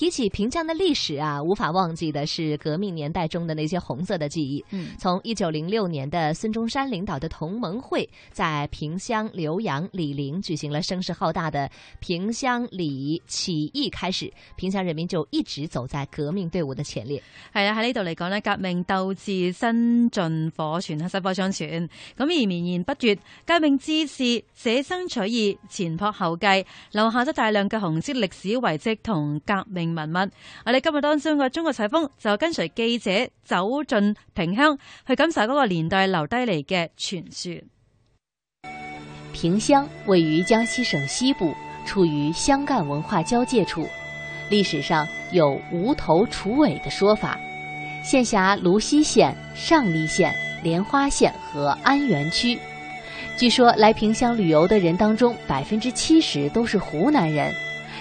提起萍鄉的歷史啊，無法忘記的是革命年代中的那些紅色的記憶。嗯，從一九零六年的孫中山領導的同盟會在萍鄉瀏陽醴陵舉行了聲勢浩大的萍瀏醴起義開始，萍鄉人民就一直走在革命隊伍的前列。係啊，喺呢度嚟講咧，革命鬥志薪盡火傳黑薪火相傳。咁而綿延不絕，革命志士捨生取義，前仆後繼，留下咗大量嘅紅色歷史遺跡同革命文物，我哋今日當中嘅中國採風就跟隨記者走進萍鄉，去感受嗰個年代留低嚟嘅傳說。萍鄉位於江西省西部，處於湘贛文化交界處，歷史上有“無頭楚尾”的說法。現轄蘆溪縣、上栗縣、蓮花縣和安源區。據說來萍鄉旅遊的人當中，百分之七十都是湖南人。